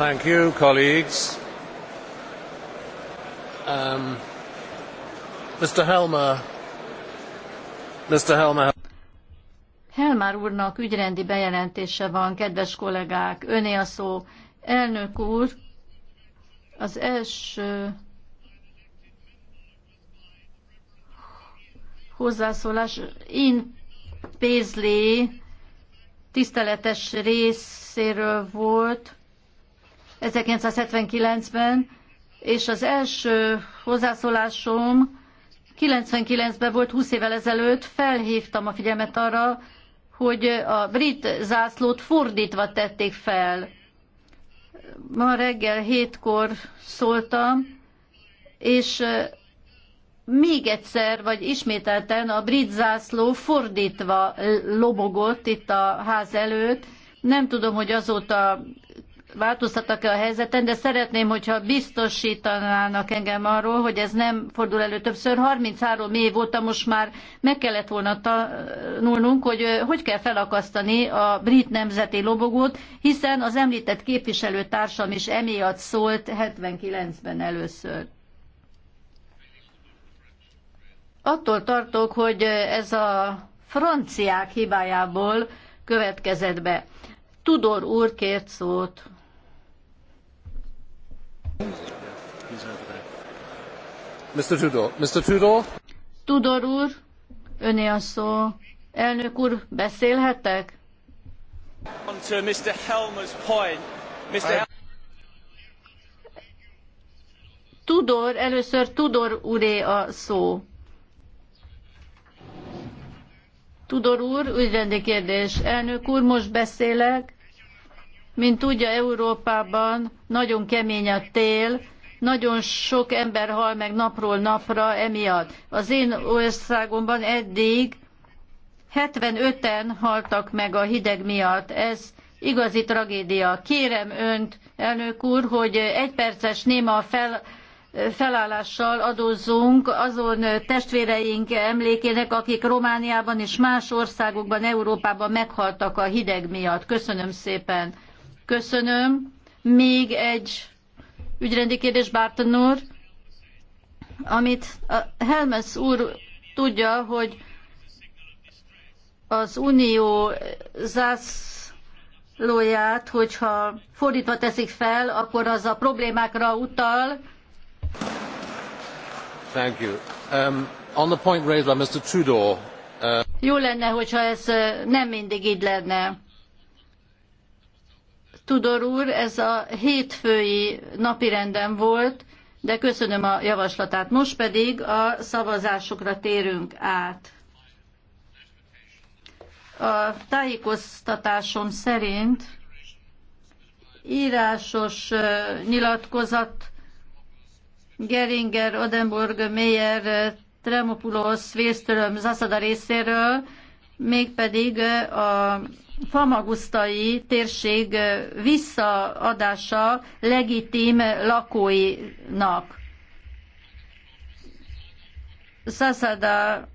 Thank you, colleagues. Um, Mr. Helmer. Mr. Helmer. Helmer úrnak ügyrendi bejelentése van, kedves kollégák, öné a szó. Elnök úr, az első hozzászólás, én Paisley tiszteletes részéről volt, 1979-ben, és az első hozzászólásom 99-ben volt, 20 évvel ezelőtt, felhívtam a figyelmet arra, hogy a brit zászlót fordítva tették fel. Ma reggel hétkor szóltam, és még egyszer, vagy ismételten a brit zászló fordítva lobogott itt a ház előtt. Nem tudom, hogy azóta változtattak-e a helyzeten, de szeretném, hogyha biztosítanának engem arról, hogy ez nem fordul elő többször. 33 év óta most már meg kellett volna tanulnunk, hogy hogy kell felakasztani a brit nemzeti lobogót, hiszen az említett képviselőtársam is emiatt szólt 79-ben először. Attól tartok, hogy ez a franciák hibájából következett be. Tudor úr kért szót. Mr. Tudor. Mr. Tudor. Tudor úr, öné a szó. Elnök úr, beszélhetek? On to Mr. Helmer's point. Mr. Tudor, először Tudor úré a szó. Tudor úr, ügyrendi kérdés. Elnök úr, most beszélek. Mint tudja, Európában nagyon kemény a tél, nagyon sok ember hal meg napról napra emiatt. Az én országomban eddig 75-en haltak meg a hideg miatt. Ez igazi tragédia. Kérem önt, elnök úr, hogy egy perces néma fel, felállással adózzunk azon testvéreink emlékének, akik Romániában és más országokban, Európában meghaltak a hideg miatt. Köszönöm szépen. Köszönöm. Még egy ügyrendi kérdés, Bárton úr, amit Helmes úr tudja, hogy az unió zászlóját, hogyha fordítva teszik fel, akkor az a problémákra utal. Thank you. Um, on the point raised by Mr. Trudeau, uh... Jó lenne, hogyha ez uh, nem mindig így lenne. Tudor úr, ez a hétfői napirenden volt, de köszönöm a javaslatát. Most pedig a szavazásokra térünk át. A tájékoztatásom szerint írásos nyilatkozat Geringer, Odenburg, Meyer, Tremopulos, Vérstöröm, Zaszada részéről mégpedig a famagusztai térség visszaadása legitim lakóinak. Szaszada